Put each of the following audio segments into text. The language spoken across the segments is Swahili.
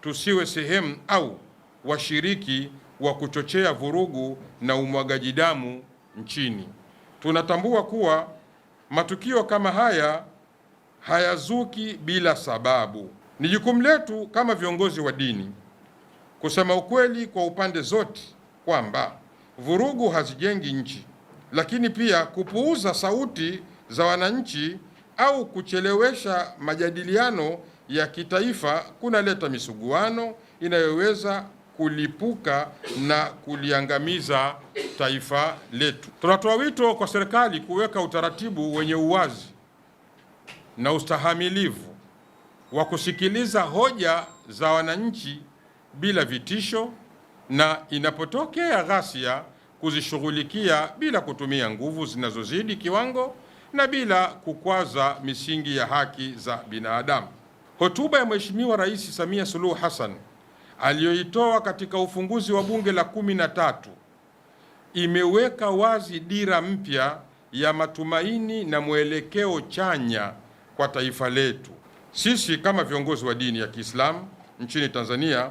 tusiwe sehemu au washiriki wa kuchochea vurugu na umwagaji damu nchini. Tunatambua kuwa matukio kama haya hayazuki bila sababu. Ni jukumu letu kama viongozi wa dini kusema ukweli kwa upande zote kwamba vurugu hazijengi nchi, lakini pia kupuuza sauti za wananchi au kuchelewesha majadiliano ya kitaifa kunaleta misuguano inayoweza kulipuka na kuliangamiza taifa letu. Tunatoa wito kwa serikali kuweka utaratibu wenye uwazi na ustahamilivu wa kusikiliza hoja za wananchi bila vitisho, na inapotokea ghasia kuzishughulikia bila kutumia nguvu zinazozidi kiwango na bila kukwaza misingi ya haki za binadamu. Hotuba ya Mheshimiwa Rais Samia Suluhu Hassan aliyoitoa katika ufunguzi wa Bunge la kumi na tatu imeweka wazi dira mpya ya matumaini na mwelekeo chanya kwa taifa letu. Sisi kama viongozi wa dini ya Kiislamu nchini Tanzania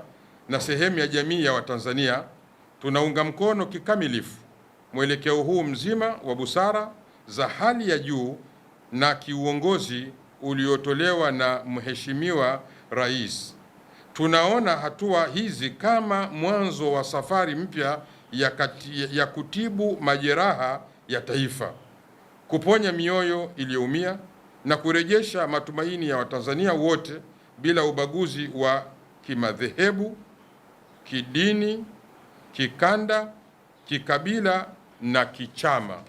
na sehemu ya jamii ya Watanzania tunaunga mkono kikamilifu mwelekeo huu mzima wa busara za hali ya juu na kiuongozi uliotolewa na Mheshimiwa Rais. Tunaona hatua hizi kama mwanzo wa safari mpya ya, ya kutibu majeraha ya taifa, kuponya mioyo iliyoumia na kurejesha matumaini ya Watanzania wote bila ubaguzi wa kimadhehebu, kidini, kikanda, kikabila na kichama.